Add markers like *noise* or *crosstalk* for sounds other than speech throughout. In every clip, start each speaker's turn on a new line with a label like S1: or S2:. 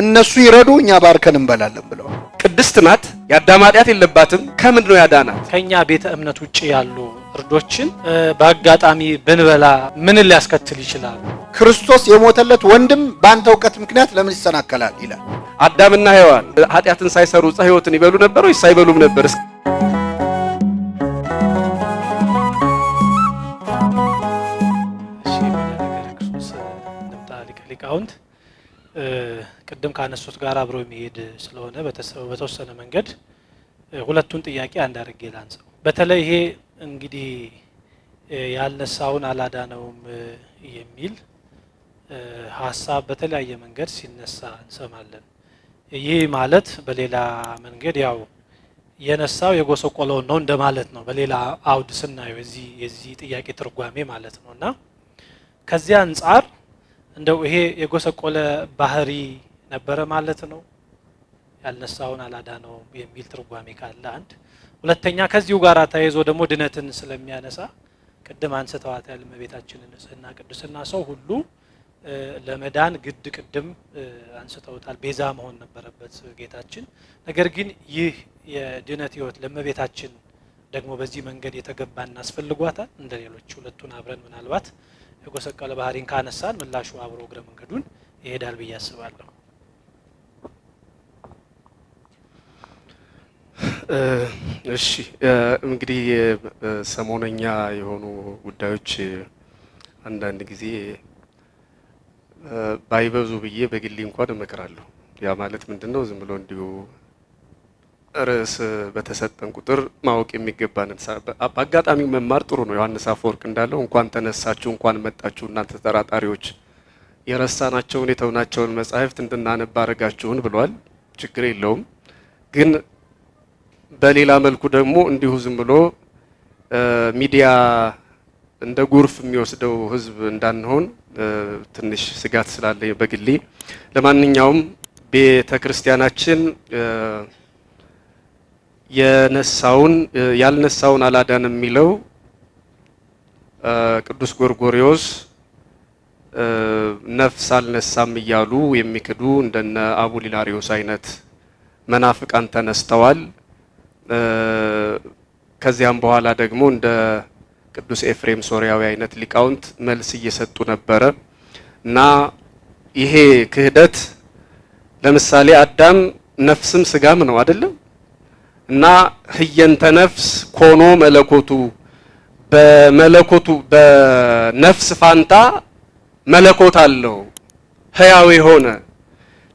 S1: እነሱ ይረዱ እኛ ባርከን እንበላለን ብለው ቅድስት ናት። የአዳም ኃጢአት የለባትም። ከምንድን ነው ያዳናት?
S2: ከእኛ ቤተ እምነት ውጭ ያሉ እርዶችን በአጋጣሚ ብንበላ ምንን ሊያስከትል ይችላል?
S1: ክርስቶስ የሞተለት ወንድም በአንተ እውቀት ምክንያት ለምን ይሰናከላል ይላል። አዳምና ሔዋን ኃጢአትን ሳይሰሩ ዕፀ ሕይወትን ይበሉ ነበር ወይስ ሳይበሉም ነበር?
S2: እሺ ቅድም ካነሱት ጋር አብሮ የሚሄድ ስለሆነ በተወሰነ መንገድ ሁለቱን ጥያቄ አንድ አድርጌ ላንሳው። በተለይ ይሄ እንግዲህ ያልነሳውን አላዳነውም የሚል ሀሳብ በተለያየ መንገድ ሲነሳ እንሰማለን። ይህ ማለት በሌላ መንገድ ያው የነሳው የጎሰቆለውን ነው እንደማለት ነው። በሌላ አውድ ስናየው የዚህ ጥያቄ ትርጓሜ ማለት ነው እና ከዚያ አንጻር እንደው ይሄ የጎሰቆለ ባህሪ ነበረ ማለት ነው። ያልነሳውን አላዳ ነው የሚል ትርጓሜ ካለ አንድ። ሁለተኛ ከዚሁ ጋር ተያይዞ ደግሞ ድነትን ስለሚያነሳ ቅድም ያል መቤታችን ንጽህና ቅዱስና ሰው ሁሉ ለመዳን ግድ ቅድም አንስተውታል ቤዛ መሆን ነበረበት ጌታችን። ነገር ግን ይህ የድነት ህይወት ለመቤታችን ደግሞ በዚህ መንገድ የተገባ እናስፈልጓታል። እንደ ሌሎች ሁለቱን አብረን ምናልባት የጎሰቀለ ባህሪን ካነሳን ምላሹ አብሮ እግረ መንገዱን ይሄዳል ብዬ አስባለሁ።
S1: እሺ እንግዲህ ሰሞነኛ የሆኑ ጉዳዮች አንዳንድ ጊዜ ባይበዙ ብዬ በግሌ እንኳን እመክራለሁ። ያ ማለት ምንድን ነው? ዝም ብሎ እንዲሁ ርዕስ በተሰጠን ቁጥር ማወቅ የሚገባንን በአጋጣሚ መማር ጥሩ ነው። ዮሐንስ አፈወርቅ እንዳለው እንኳን ተነሳችሁ እንኳን መጣችሁ እናንተ ተጠራጣሪዎች የረሳናቸውን የተውናቸውን መጻሕፍት እንድናነብ አድርጋችሁን ብሏል። ችግር የለውም ግን በሌላ መልኩ ደግሞ እንዲሁ ዝም ብሎ ሚዲያ እንደ ጎርፍ የሚወስደው ህዝብ እንዳንሆን ትንሽ ስጋት ስላለኝ በግሌ ለማንኛውም ቤተ ክርስቲያናችን የነሳውን ያልነሳውን አላዳን የሚለው ቅዱስ ጎርጎሪዎስ ነፍስ አልነሳም እያሉ የሚክዱ እንደነ አቡሊላሪዎስ አይነት መናፍቃን ተነስተዋል። ከዚያም በኋላ ደግሞ እንደ ቅዱስ ኤፍሬም ሶሪያዊ አይነት ሊቃውንት መልስ እየሰጡ ነበረ እና ይሄ ክህደት ለምሳሌ አዳም ነፍስም ስጋም ነው አይደለም እና ህየንተ ነፍስ ኮኖ መለኮቱ በመለኮቱ በነፍስ ፋንታ መለኮት አለው ህያው የሆነ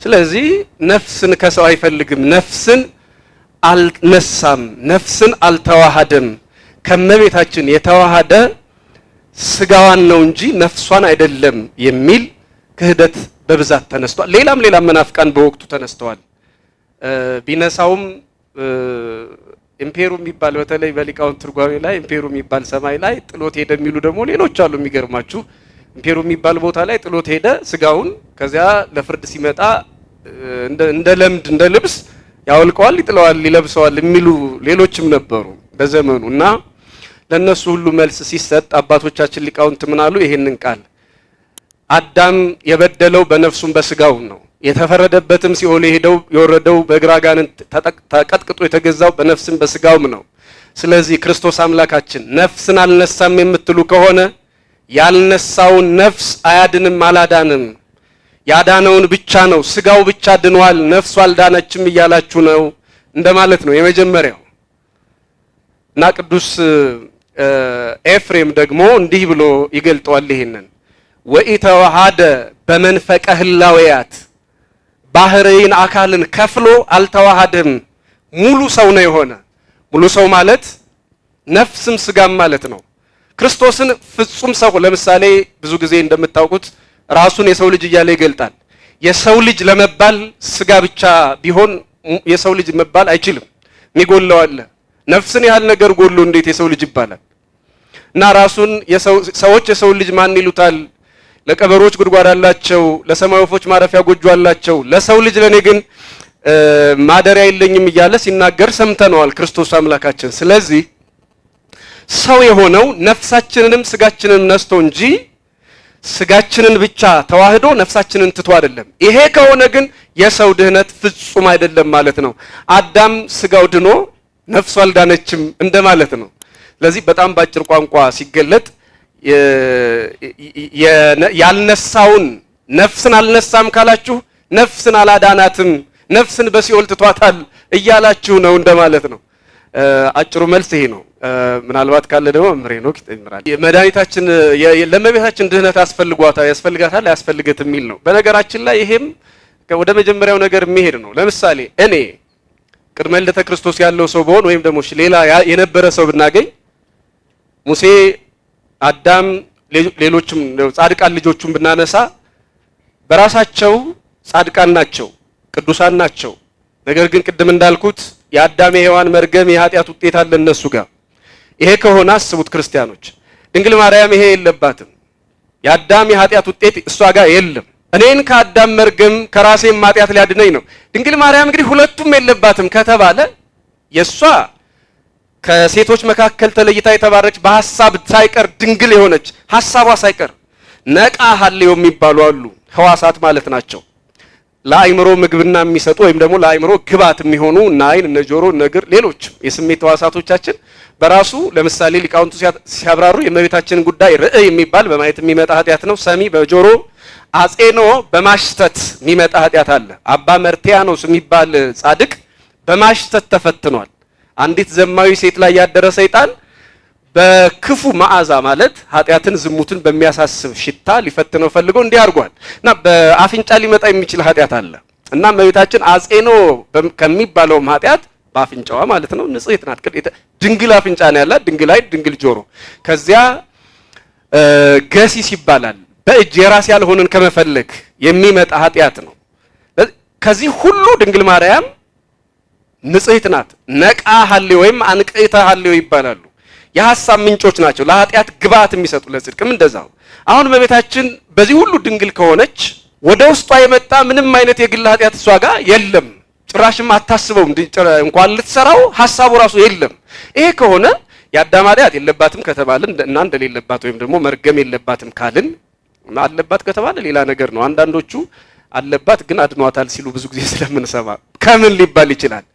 S1: ስለዚህ ነፍስን ከሰው አይፈልግም ነፍስን አልነሳም፣ ነፍስን አልተዋሃደም። ከመቤታችን የተዋሃደ ስጋዋን ነው እንጂ ነፍሷን አይደለም የሚል ክህደት በብዛት ተነስቷል። ሌላም ሌላም መናፍቃን በወቅቱ ተነስተዋል። ቢነሳውም ኢምፔሩ የሚባል በተለይ በሊቃውን ትርጓሜ ላይ ኢምፔሩ የሚባል ሰማይ ላይ ጥሎት ሄደ የሚሉ ደግሞ ሌሎች አሉ። የሚገርማችሁ ኢምፔሩ የሚባል ቦታ ላይ ጥሎት ሄደ ስጋውን። ከዚያ ለፍርድ ሲመጣ እንደ ለምድ እንደ ልብስ ያወልቀዋል፣ ይጥለዋል፣ ይለብሰዋል የሚሉ ሌሎችም ነበሩ በዘመኑ እና ለእነሱ ሁሉ መልስ ሲሰጥ አባቶቻችን ሊቃውንት አሉ? ይሄንን ቃል አዳም የበደለው በነፍሱም በስጋው ነው የተፈረደበትም ሲኦል የሄደው የወረደው በግራ ጋንን ተቀጥቅጦ የተገዛው በነፍስም በስጋውም ነው። ስለዚህ ክርስቶስ አምላካችን ነፍስን አልነሳም የምትሉ ከሆነ ያልነሳውን ነፍስ አያድንም አላዳንም። ያዳነውን ብቻ ነው። ስጋው ብቻ ድኗል፣ ነፍሱ አልዳነችም እያላችሁ ነው እንደማለት ነው የመጀመሪያው። እና ቅዱስ ኤፍሬም ደግሞ እንዲህ ብሎ ይገልጠዋል ይሄንን ወኢተዋሃደ በመንፈቀ ህላውያት ባህርይን አካልን ከፍሎ አልተዋሃደም። ሙሉ ሰው ነው የሆነ። ሙሉ ሰው ማለት ነፍስም ስጋም ማለት ነው። ክርስቶስን ፍጹም ሰው ለምሳሌ ብዙ ጊዜ እንደምታውቁት ራሱን የሰው ልጅ እያለ ይገልጣል። የሰው ልጅ ለመባል ስጋ ብቻ ቢሆን የሰው ልጅ መባል አይችልም። የሚጎለው አለ። ነፍስን ያህል ነገር ጎሎ እንዴት የሰው ልጅ ይባላል? እና ራሱን ሰዎች የሰው ልጅ ማን ይሉታል? ለቀበሮች ጉድጓድ አላቸው፣ ለሰማይ ወፎች ማረፊያ ጎጆ አላቸው፣ ለሰው ልጅ ለእኔ ግን ማደሪያ የለኝም እያለ ሲናገር ሰምተነዋል ክርስቶስ አምላካችን። ስለዚህ ሰው የሆነው ነፍሳችንንም ስጋችንንም ነስቶ እንጂ ስጋችንን ብቻ ተዋህዶ ነፍሳችንን ትቶ አይደለም። ይሄ ከሆነ ግን የሰው ድህነት ፍጹም አይደለም ማለት ነው። አዳም ስጋው ድኖ ነፍሱ አልዳነችም እንደማለት ነው። ስለዚህ በጣም በአጭር ቋንቋ ሲገለጥ ያልነሳውን ነፍስን አልነሳም ካላችሁ ነፍስን አላዳናትም፣ ነፍስን በሲኦል ትቷታል እያላችሁ ነው እንደማለት ነው። አጭሩ መልስ ይሄ ነው። ምናልባት ካለ ደግሞ መምህር ሄኖክ ይመራል። መድኃኒታችን ለእመቤታችን ድህነት አስፈልጓታል ያስፈልጋታል አያስፈልገት የሚል ነው። በነገራችን ላይ ይሄም ወደ መጀመሪያው ነገር የሚሄድ ነው። ለምሳሌ እኔ ቅድመ ልደተ ክርስቶስ ያለው ሰው በሆን ወይም ደግሞ ሌላ የነበረ ሰው ብናገኝ ሙሴ፣ አዳም፣ ሌሎችም ጻድቃን ልጆቹን ብናነሳ በራሳቸው ጻድቃን ናቸው፣ ቅዱሳን ናቸው። ነገር ግን ቅድም እንዳልኩት የአዳም የሔዋን መርገም የኃጢአት ውጤት አለ እነሱ ጋር ይሄ ከሆነ አስቡት ክርስቲያኖች፣ ድንግል ማርያም ይሄ የለባትም። የአዳም የኃጢአት ውጤት እሷ ጋር የለም። እኔን ከአዳም መርገም ከራሴም ኃጢአት ሊያድነኝ ነው። ድንግል ማርያም እንግዲህ ሁለቱም የለባትም ከተባለ የእሷ ከሴቶች መካከል ተለይታ የተባረች በሀሳብ ሳይቀር ድንግል የሆነች ሀሳቧ ሳይቀር ነቃ ሀሌው የሚባሉ አሉ። ህዋሳት ማለት ናቸው። ለአይምሮ ምግብና የሚሰጡ ወይም ደግሞ ለአይምሮ ግባት የሚሆኑ እነ አይን፣ እነ ጆሮ፣ እነ እግር፣ የስሜት ህዋሳቶቻችን በራሱ ለምሳሌ ሊቃውንቱ ሲያብራሩ የእመቤታችን ጉዳይ ርእ የሚባል በማየት የሚመጣ ኃጢአት ነው። ሰሚ በጆሮ አጼኖ በማሽተት የሚመጣ ኃጢአት አለ። አባ መርቲያኖስ የሚባል ጻድቅ በማሽተት ተፈትኗል። አንዲት ዘማዊ ሴት ላይ ያደረ ሰይጣን በክፉ መዓዛ ማለት ኃጢአትን፣ ዝሙትን በሚያሳስብ ሽታ ሊፈትነው ፈልገው እንዲህ አድርጓል እና በአፍንጫ ሊመጣ የሚችል ኃጢአት አለ እና እመቤታችን አጼኖ ከሚባለውም ኃጢአት በአፍንጫዋ ማለት ነው። ንጽሕት ናት። ድንግል አፍንጫ ነው ያላት፣ ድንግል አይ ድንግል ጆሮ። ከዚያ ገሲስ ይባላል። በእጅ የራስ ያልሆነን ከመፈለግ የሚመጣ ኃጢአት ነው። ከዚህ ሁሉ ድንግል ማርያም ንጽሕት ናት። ነቃ ሀሌ ወይም አንቅዕተ ሀሌ ይባላሉ። የሀሳብ ምንጮች ናቸው። ለኃጢአት ግብዓት የሚሰጡ ለጽድቅም እንደዛው። አሁን በቤታችን በዚህ ሁሉ ድንግል ከሆነች ወደ ውስጧ የመጣ ምንም አይነት የግል ኃጢአት እሷ ጋር የለም። ጭራሽም አታስበውም። እንኳን ልትሰራው ሀሳቡ ራሱ የለም። ይሄ ከሆነ የአዳም ኃጢአት የለባትም ከተባልን እና እንደሌለባት ወይም ደግሞ መርገም የለባትም ካልን አለባት ከተባለ ሌላ ነገር ነው። አንዳንዶቹ አለባት ግን አድኗታል ሲሉ ብዙ ጊዜ *laughs* ስለምንሰማ ከምን ሊባል ይችላል?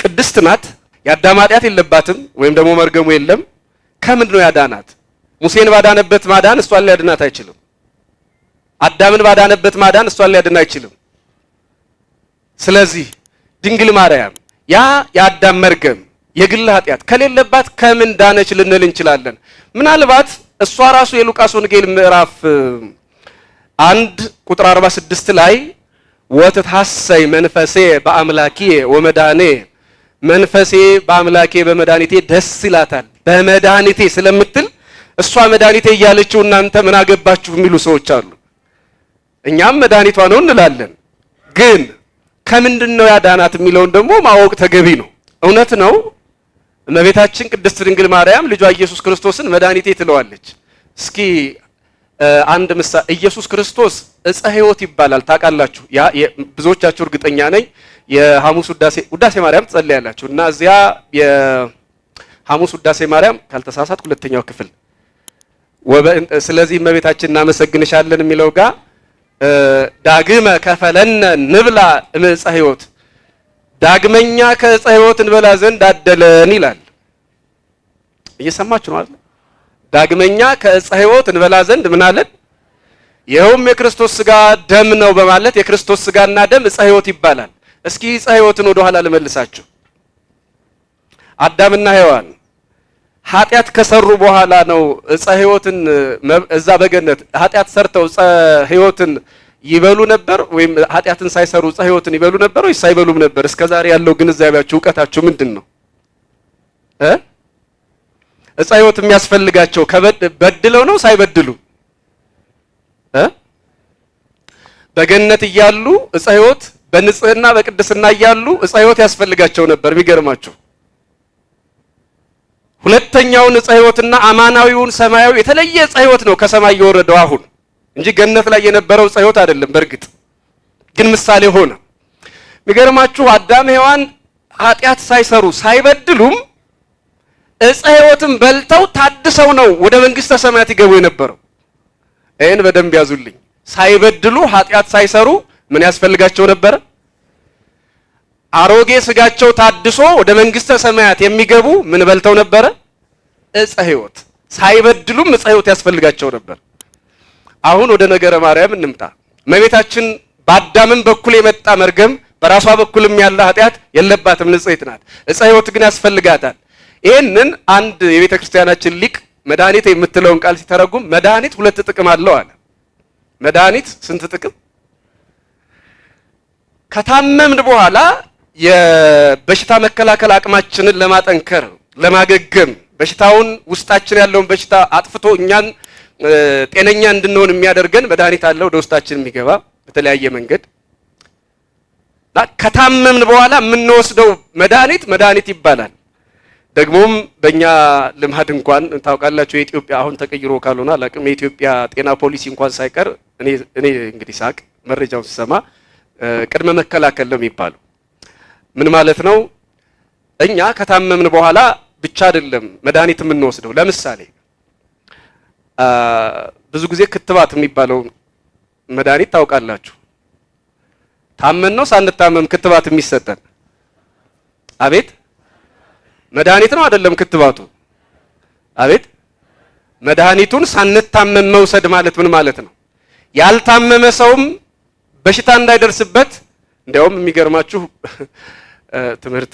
S1: ቅድስት ናት፣ የአዳም ኃጢአት የለባትም ወይም ደግሞ መርገሙ የለም። ከምን ነው ያዳናት? ሙሴን ባዳነበት ማዳን እሷን ሊያድናት አይችልም። አዳምን ባዳነበት ማዳን እሷን ሊያድን አይችልም። ስለዚህ ድንግል ማርያም ያ የአዳም መርገም የግል ኃጢአት ከሌለባት ከምን ዳነች ልንል እንችላለን። ምናልባት እሷ ራሱ የሉቃስ ወንጌል ምዕራፍ አንድ ቁጥር 46 ላይ ወትታሰይ መንፈሴ በአምላኬ ወመድኃኔ መንፈሴ በአምላኬ በመድኃኒቴ ደስ ይላታል በመድኃኒቴ ስለምትል እሷ መድኃኒቴ እያለችው እናንተ ምን አገባችሁ የሚሉ ሰዎች አሉ። እኛም መድኃኒቷ ነው እንላለን ግን ከምንድን ነው ያዳናት የሚለውን ደግሞ ማወቅ ተገቢ ነው። እውነት ነው። እመቤታችን ቅድስት ድንግል ማርያም ልጇ ኢየሱስ ክርስቶስን መድኃኒቴ ትለዋለች። እስኪ አንድ ምሳ ኢየሱስ ክርስቶስ እፀ ሕይወት ይባላል። ታውቃላችሁ፣ ብዙዎቻችሁ እርግጠኛ ነኝ የሐሙስ ውዳሴ ውዳሴ ማርያም ትጸልያላችሁ እና እዚያ የሐሙስ ውዳሴ ማርያም ካልተሳሳት ሁለተኛው ክፍል ስለዚህ እመቤታችን እናመሰግንሻለን የሚለው ጋር ዳግመ ከፈለነ ንብላ እምዕፀ ሕይወት ዳግመኛ ከዕፀ ሕይወት እንበላ ዘንድ አደለን ይላል። እየሰማችሁ ነው አይደል? ዳግመኛ ከዕፀ ሕይወት እንበላ ዘንድ ምን አለን? ይኸውም የክርስቶስ ስጋ ደም ነው በማለት የክርስቶስ ስጋና ደም ዕፀ ሕይወት ይባላል። እስኪ ዕፀ ሕይወትን ወደኋላ ልመልሳችሁ። አዳምና ሔዋን ኃጢአት ከሰሩ በኋላ ነው እፀ ህይወትን እዛ በገነት ኃጢአት ሰርተው እፀ ህይወትን ይበሉ ነበር ወይም ኃጢአትን ሳይሰሩ እፀ ህይወትን ይበሉ ነበር ወይስ ሳይበሉም ነበር? እስከ ዛሬ ያለው ግንዛቤያችሁ እውቀታችሁ ምንድን ነው እፀ ህይወት የሚያስፈልጋቸው በድለው ነው ሳይበድሉ በገነት እያሉ እፀ ህይወት በንጽህና በቅድስና እያሉ እፀ ህይወት ያስፈልጋቸው ነበር። የሚገርማችሁ ሁለተኛውን ዕፀ ሕይወትና አማናዊውን ሰማያዊ የተለየ ዕፀ ሕይወት ነው ከሰማይ የወረደው አሁን እንጂ ገነት ላይ የነበረው ዕፀ ሕይወት አይደለም። በእርግጥ ግን ምሳሌ ሆነ። የሚገርማችሁ አዳም ሔዋን ኃጢአት ሳይሰሩ ሳይበድሉም ዕፀ ሕይወትን በልተው ታድሰው ነው ወደ መንግሥተ ሰማያት ይገቡ የነበረው። ይህን በደንብ ያዙልኝ። ሳይበድሉ ኃጢአት ሳይሰሩ ምን ያስፈልጋቸው ነበረ? አሮጌ ስጋቸው ታድሶ ወደ መንግስተ ሰማያት የሚገቡ ምን በልተው ነበረ? እጸ ህይወት ሳይበድሉም እፀ ያስፈልጋቸው ነበር። አሁን ወደ ነገረ ማርያም እንምጣ። መቤታችን በአዳምም በኩል የመጣ መርገም በራሷ በኩልም ያለ ኃጢአት የለባትም፣ ንጽሕት ናት። እጸ ህይወት ግን ያስፈልጋታል። ይህንን አንድ የቤተ ክርስቲያናችን ሊቅ መድኃኒት የምትለውን ቃል ሲተረጉም መድኃኒት ሁለት ጥቅም አለው አለ። መድኃኒት ስንት ጥቅም? ከታመምን በኋላ የበሽታ መከላከል አቅማችንን ለማጠንከር ለማገገም በሽታውን ውስጣችን ያለውን በሽታ አጥፍቶ እኛን ጤነኛ እንድንሆን የሚያደርገን መድኃኒት አለ ወደ ውስጣችን የሚገባ በተለያየ መንገድ ከታመምን በኋላ የምንወስደው መድኃኒት መድኃኒት ይባላል። ደግሞም በእኛ ልማድ እንኳን ታውቃላችሁ የኢትዮጵያ አሁን ተቀይሮ ካልሆነ አላቅም፣ የኢትዮጵያ ጤና ፖሊሲ እንኳን ሳይቀር እኔ እንግዲህ ሳቅ መረጃውን ስሰማ ቅድመ መከላከል ነው የሚባለው ምን ማለት ነው? እኛ ከታመምን በኋላ ብቻ አይደለም መድኃኒት የምንወስደው። ለምሳሌ ብዙ ጊዜ ክትባት የሚባለው መድኃኒት ታውቃላችሁ። ታመን ነው ሳንታመም ክትባት የሚሰጠን? አቤት መድኃኒት ነው አይደለም ክትባቱ? አቤት መድኃኒቱን ሳንታመም መውሰድ ማለት ምን ማለት ነው? ያልታመመ ሰውም በሽታ እንዳይደርስበት እንዲያውም የሚገርማችሁ ትምህርት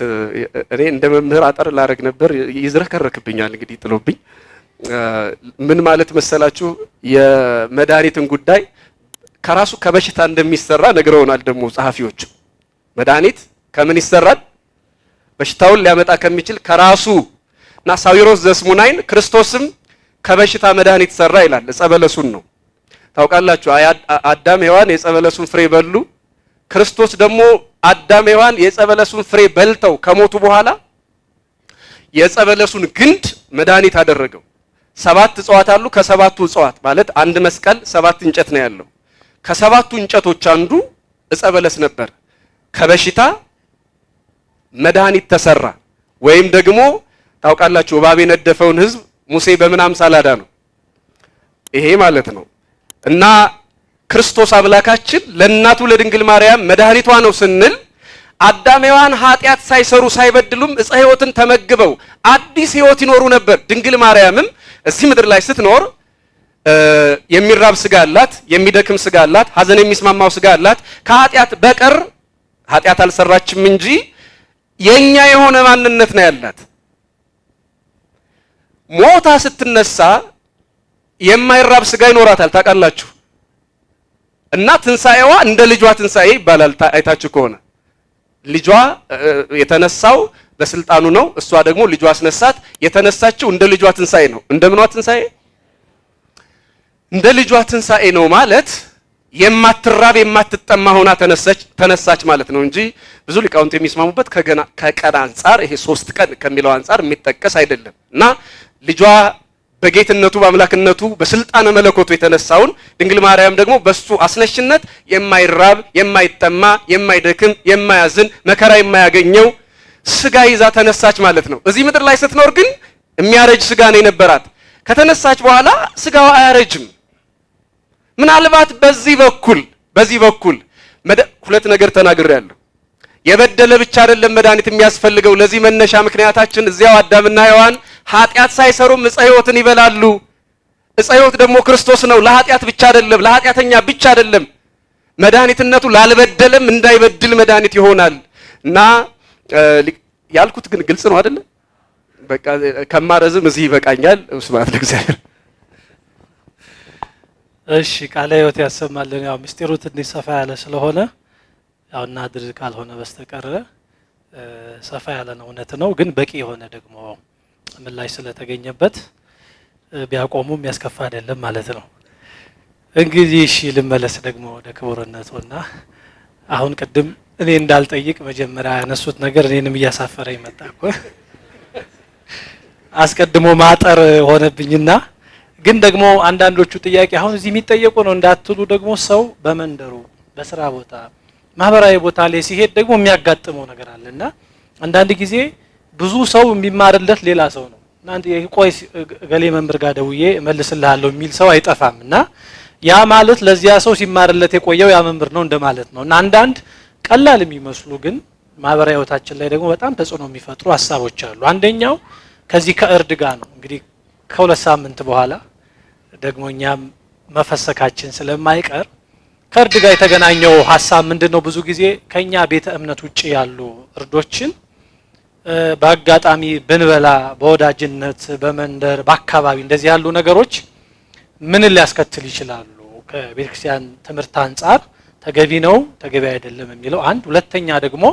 S1: እኔ እንደ መምህር አጠር ላደርግ ነበር፣ ይዝረከረክብኛል። እንግዲህ ጥሎብኝ ምን ማለት መሰላችሁ? የመድኃኒትን ጉዳይ ከራሱ ከበሽታ እንደሚሰራ ነግረውናል። ደግሞ ጸሐፊዎቹ መድኃኒት ከምን ይሰራል? በሽታውን ሊያመጣ ከሚችል ከራሱ እና ሳዊሮስ ዘስሙናይን ክርስቶስም ከበሽታ መድኃኒት ሰራ ይላል። ጸበለሱን ነው ታውቃላችሁ። አዳም ሔዋን የጸበለሱን ፍሬ በሉ። ክርስቶስ ደግሞ አዳም ሔዋን የጸበለሱን ፍሬ በልተው ከሞቱ በኋላ የጸበለሱን ግንድ መድኃኒት አደረገው። ሰባት እጽዋት አሉ። ከሰባቱ እጽዋት ማለት አንድ መስቀል ሰባት እንጨት ነው ያለው። ከሰባቱ እንጨቶች አንዱ እጸበለስ ነበር። ከበሽታ መድኃኒት ተሰራ። ወይም ደግሞ ታውቃላችሁ እባብ የነደፈውን ህዝብ ሙሴ በምን አምሳል አዳነው? ይሄ ማለት ነው እና ክርስቶስ አምላካችን ለእናቱ ለድንግል ማርያም መድኃኒቷ ነው ስንል አዳም ሔዋን ኃጢአት ሳይሰሩ ሳይበድሉም እፀ ሕይወትን ተመግበው አዲስ ሕይወት ይኖሩ ነበር። ድንግል ማርያምም እዚህ ምድር ላይ ስትኖር የሚራብ ስጋ አላት፣ የሚደክም ስጋ አላት፣ ሀዘን የሚስማማው ስጋ አላት። ከኃጢአት በቀር ኃጢአት አልሰራችም እንጂ የኛ የሆነ ማንነት ነው ያላት። ሞታ ስትነሳ የማይራብ ስጋ ይኖራታል። ታውቃላችሁ እና ትንሣኤዋ እንደ ልጇ ትንሣኤ ይባላል። አይታችሁ ከሆነ ልጇ የተነሳው በስልጣኑ ነው። እሷ ደግሞ ልጇ አስነሳት። የተነሳችው እንደ ልጇ ትንሣኤ ነው። እንደ ምኗ ትንሣኤ? እንደ ልጇ ትንሣኤ ነው ማለት የማትራብ የማትጠማ ሆና ተነሳች ተነሳች ማለት ነው እንጂ ብዙ ሊቃውንት የሚስማሙበት ከገና ከቀን አንጻር ይሄ ሶስት ቀን ከሚለው አንጻር የሚጠቀስ አይደለም እና ልጇ በጌትነቱ በአምላክነቱ በስልጣነ መለኮቱ የተነሳውን ድንግል ማርያም ደግሞ በሱ አስነሽነት የማይራብ የማይጠማ የማይደክም የማያዝን መከራ የማያገኘው ስጋ ይዛ ተነሳች ማለት ነው። እዚህ ምድር ላይ ስትኖር ግን የሚያረጅ ስጋ ነው የነበራት። ከተነሳች በኋላ ስጋው አያረጅም። ምናልባት በዚህ በኩል በዚህ በኩል ሁለት ነገር ተናግሬያለሁ። የበደለ ብቻ አይደለም መድኃኒት የሚያስፈልገው። ለዚህ መነሻ ምክንያታችን እዚያው አዳምና ሔዋን ኃጢአት ሳይሰሩም ዕፀ ሕይወትን ይበላሉ። ዕፀ ሕይወት ደግሞ ክርስቶስ ነው። ለኃጢአት ብቻ አይደለም፣ ለኃጢአተኛ ብቻ አይደለም። መድኃኒትነቱ ላልበደለም እንዳይበድል መድኃኒት ይሆናል እና ያልኩት ግን ግልጽ ነው አይደለ? በቃ ከማረዝም እዚህ ይበቃኛል። ስብሐት ለእግዚአብሔር።
S2: እሺ ቃለ ሕይወት ያሰማልን። ያው ምስጢሩ ትንሽ ሰፋ ያለ ስለሆነ ያው እና ካልሆነ በስተቀረ ሰፋ ያለ ነው። እውነት ነው ግን በቂ የሆነ ደግሞ ምላሽ ስለተገኘበት ቢያቆሙ የሚያስከፋ አይደለም ማለት ነው። እንግዲህ እሺ ልመለስ ደግሞ ወደ እና አሁን ቅድም እኔ እንዳልጠይቅ መጀመሪያ ያነሱት ነገር እኔንም እያሳፈረ ይመጣ እኮ አስቀድሞ ማጠር ሆነብኝና ግን ደግሞ አንዳንዶቹ ጥያቄ አሁን እዚህ የሚጠየቁ ነው እንዳትሉ ደግሞ ሰው በመንደሩ በስራ ቦታ ማህበራዊ ቦታ ላይ ሲሄድ ደግሞ የሚያጋጥመው ነገር አለና አንዳንድ ጊዜ ብዙ ሰው የሚማርለት ሌላ ሰው ነው እናንተ ቆይ ገሌ መምህር ጋር ደውዬ መልስልሃለሁ የሚል ሰው አይጠፋም። እና ያ ማለት ለዚያ ሰው ሲማርለት የቆየው ያ መምህር ነው እንደማለት ነው። እና አንዳንድ ቀላል የሚመስሉ ግን ማህበራዊ ህይወታችን ላይ ደግሞ በጣም ተጽዕኖ የሚፈጥሩ ሀሳቦች አሉ። አንደኛው ከዚህ ከእርድ ጋር ነው። እንግዲህ ከሁለት ሳምንት በኋላ ደግሞ እኛም መፈሰካችን ስለማይቀር ከእርድ ጋር የተገናኘው ሀሳብ ምንድን ነው? ብዙ ጊዜ ከእኛ ቤተ እምነት ውጭ ያሉ እርዶችን በአጋጣሚ ብንበላ፣ በወዳጅነት፣ በመንደር፣ በአካባቢ እንደዚህ ያሉ ነገሮች ምንን ሊያስከትል ይችላሉ? ከቤተ ክርስቲያን ትምህርት አንጻር ተገቢ ነው ተገቢ አይደለም የሚለው አንድ። ሁለተኛ ደግሞ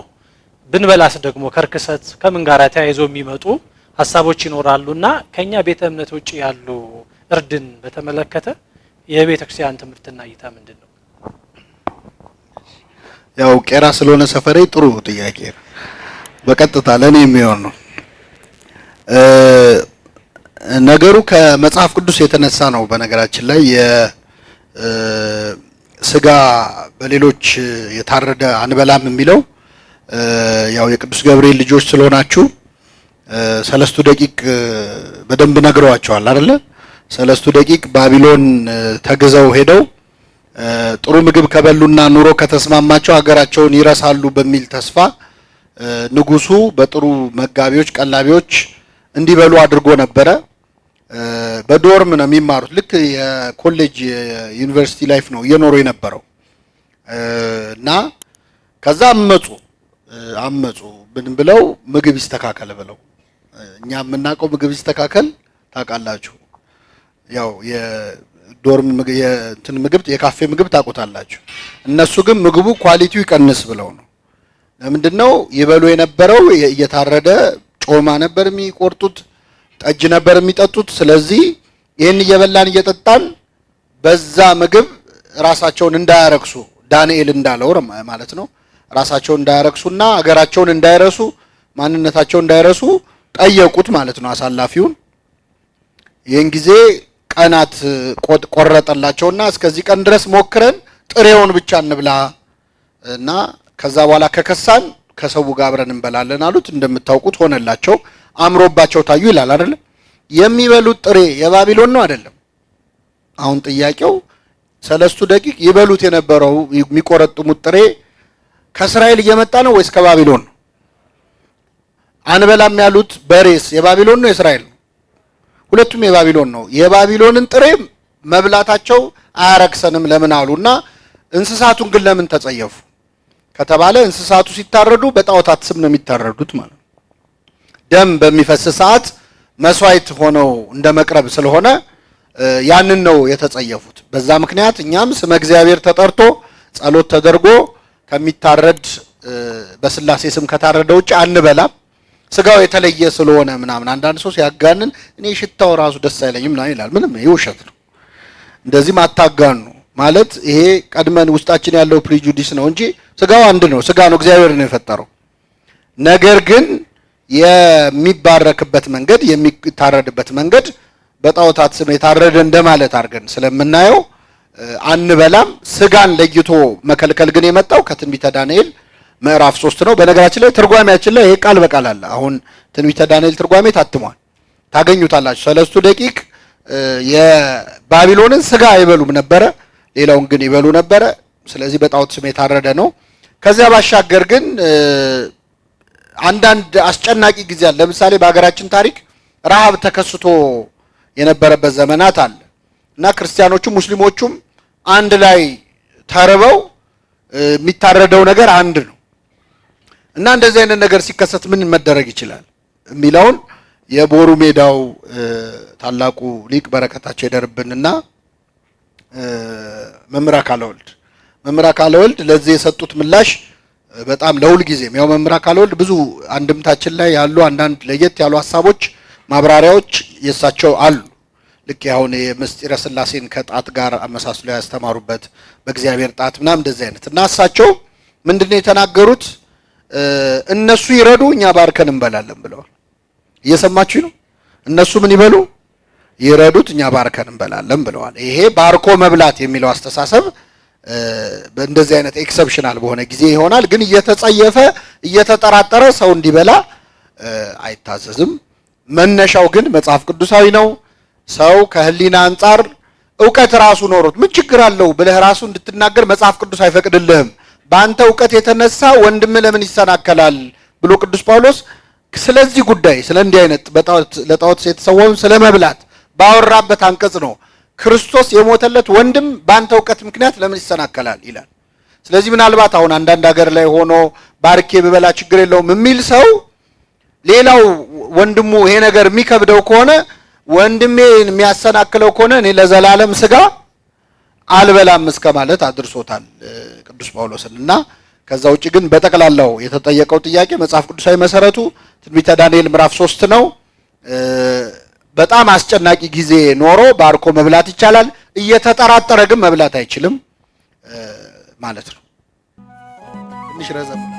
S2: ብንበላስ ደግሞ ከርክሰት ከምን ጋር ተያይዞ የሚመጡ ሀሳቦች ይኖራሉና ከኛ ቤተ እምነት ውጭ ያሉ እርድን በተመለከተ የቤተ ክርስቲያን ትምህርትና እይታ ምንድን ነው?
S1: ያው ቄራ ስለሆነ ሰፈሬ ጥሩ ጥያቄ ነው። በቀጥታ ለእኔ የሚሆን ነው። ነገሩ ከመጽሐፍ ቅዱስ የተነሳ ነው። በነገራችን ላይ የስጋ በሌሎች የታረደ አንበላም የሚለው ያው የቅዱስ ገብርኤል ልጆች ስለሆናችሁ ሰለስቱ ደቂቅ በደንብ ነግረዋቸዋል አይደለ? ሰለስቱ ደቂቅ ባቢሎን ተግዘው ሄደው ጥሩ ምግብ ከበሉና ኑሮ ከተስማማቸው ሀገራቸውን ይረሳሉ በሚል ተስፋ ንጉሱ በጥሩ መጋቢዎች፣ ቀላቢዎች እንዲበሉ አድርጎ ነበረ። በዶርም ነው የሚማሩት። ልክ የኮሌጅ ዩኒቨርሲቲ ላይፍ ነው እየኖሩ የነበረው እና ከዛ አመፁ አመፁ ምን ብለው ምግብ ይስተካከል ብለው እኛ የምናውቀው ምግብ ይስተካከል ታውቃላችሁ። ያው የዶርም ምግብ የካፌ ምግብ ታውቁታላችሁ። እነሱ ግን ምግቡ ኳሊቲው ይቀንስ ብለው ነው ለምንድን ነው ይበሉ የነበረው? እየታረደ ጮማ ነበር የሚቆርጡት፣ ጠጅ ነበር የሚጠጡት። ስለዚህ ይህን እየበላን እየጠጣን በዛ ምግብ ራሳቸውን እንዳያረክሱ ዳንኤል እንዳለው ማለት ነው። ራሳቸውን እንዳያረክሱና አገራቸውን እንዳይረሱ ማንነታቸውን እንዳይረሱ ጠየቁት ማለት ነው አሳላፊውን። ይህን ጊዜ ቀናት ቆረጠላቸውና እስከዚህ ቀን ድረስ ሞክረን ጥሬውን ብቻ እንብላ እና ከዛ በኋላ ከከሳን ከሰው ጋር አብረን እንበላለን አሉት። እንደምታውቁት ሆነላቸው፣ አምሮባቸው ታዩ ይላል አይደለም። የሚበሉት ጥሬ የባቢሎን ነው አይደለም። አሁን ጥያቄው ሰለስቱ ደቂቅ ይበሉት የነበረው የሚቆረጥሙት ጥሬ ከእስራኤል እየመጣ ነው ወይስ ከባቢሎን ነው? አንበላም ያሉት በሬስ የባቢሎን ነው የእስራኤል ነው? ሁለቱም የባቢሎን ነው። የባቢሎንን ጥሬ መብላታቸው አያረክሰንም ለምን አሉና እንስሳቱን ግን ለምን ተጸየፉ? ከተባለ እንስሳቱ ሲታረዱ በጣዖታት ስም ነው የሚታረዱት ማለት ነው። ደም በሚፈስ ሰዓት መስዋዕት ሆነው እንደ መቅረብ ስለሆነ ያንን ነው የተጸየፉት። በዛ ምክንያት እኛም ስመ እግዚአብሔር ተጠርቶ ጸሎት ተደርጎ ከሚታረድ በስላሴ ስም ከታረደ ውጭ አንበላም። ስጋው የተለየ ስለሆነ ምናምን አንዳንድ ሰው ሲያጋንን እኔ ሽታው ራሱ ደስ አይለኝም ምናምን ይላል። ምንም ይህ ውሸት ነው። እንደዚህም አታጋኑ ማለት ይሄ ቀድመን ውስጣችን ያለው ፕሪጁዲስ ነው እንጂ ስጋው አንድ ነው፣ ስጋ ነው፣ እግዚአብሔር ነው የፈጠረው። ነገር ግን የሚባረክበት መንገድ የሚታረድበት መንገድ በጣዖታት ስም የታረደ እንደማለት አድርገን ስለምናየው አንበላም። ስጋን ለይቶ መከልከል ግን የመጣው ከትንቢተ ዳንኤል ምዕራፍ ሶስት ነው። በነገራችን ላይ ትርጓሜያችን ላይ ይሄ ቃል በቃል አለ። አሁን ትንቢተ ዳንኤል ትርጓሜ ታትሟል፣ ታገኙታላችሁ። ሰለስቱ ደቂቅ የባቢሎንን ስጋ አይበሉም ነበረ፣ ሌላውን ግን ይበሉ ነበረ። ስለዚህ በጣዖት ስም የታረደ ነው። ከዚያ ባሻገር ግን አንዳንድ አስጨናቂ ጊዜ አለ። ለምሳሌ በሀገራችን ታሪክ ረሃብ ተከስቶ የነበረበት ዘመናት አለ እና ክርስቲያኖቹም ሙስሊሞቹም አንድ ላይ ተርበው የሚታረደው ነገር አንድ ነው እና እንደዚህ አይነት ነገር ሲከሰት ምን መደረግ ይችላል የሚለውን የቦሩ ሜዳው ታላቁ ሊቅ በረከታቸው ይደርብንና መምህር አካለወልድ መምህር አካለወልድ ለዚህ የሰጡት ምላሽ በጣም ለሁል ጊዜም ያው መምህር አካለወልድ ብዙ አንድምታችን ላይ ያሉ አንዳንድ ለየት ያሉ ሀሳቦች፣ ማብራሪያዎች የእሳቸው አሉ። ልክ አሁን የምስጢረ ስላሴን ከጣት ጋር አመሳስሎ ያስተማሩበት በእግዚአብሔር ጣት ምናምን እንደዚህ አይነት እና እሳቸው ምንድን ነው የተናገሩት? እነሱ ይረዱ እኛ ባርከን እንበላለን ብለዋል። እየሰማችሁ ነው። እነሱ ምን ይበሉ ይረዱት፣ እኛ ባርከን እንበላለን ብለዋል። ይሄ ባርኮ መብላት የሚለው አስተሳሰብ በእንደዚህ አይነት ኤክሰፕሽናል በሆነ ጊዜ ይሆናል። ግን እየተጸየፈ እየተጠራጠረ ሰው እንዲበላ አይታዘዝም። መነሻው ግን መጽሐፍ ቅዱሳዊ ነው። ሰው ከህሊና አንጻር እውቀት ራሱ ኖሮት ምን ችግር አለው ብለህ ራሱ እንድትናገር መጽሐፍ ቅዱስ አይፈቅድልህም። በአንተ እውቀት የተነሳ ወንድም ለምን ይሰናከላል ብሎ ቅዱስ ጳውሎስ ስለዚህ ጉዳይ ስለ እንዲህ አይነት ለጣዖት የተሰዋውን ስለ መብላት ባወራበት አንቀጽ ነው ክርስቶስ የሞተለት ወንድም በአንተ እውቀት ምክንያት ለምን ይሰናከላል ይላል። ስለዚህ ምናልባት አሁን አንዳንድ ሀገር ላይ ሆኖ ባርኬ ብበላ ችግር የለውም የሚል ሰው ሌላው ወንድሙ ይሄ ነገር የሚከብደው ከሆነ ወንድሜ የሚያሰናክለው ከሆነ እኔ ለዘላለም ስጋ አልበላም እስከ ማለት አድርሶታል ቅዱስ ጳውሎስን እና ከዛ ውጭ ግን በጠቅላላው የተጠየቀው ጥያቄ መጽሐፍ ቅዱሳዊ መሰረቱ ትንቢተ ዳንኤል ምዕራፍ ሶስት ነው። በጣም አስጨናቂ ጊዜ ኖሮ ባርኮ መብላት ይቻላል። እየተጠራጠረ ግን መብላት አይችልም ማለት ነው። ትንሽ ረዘም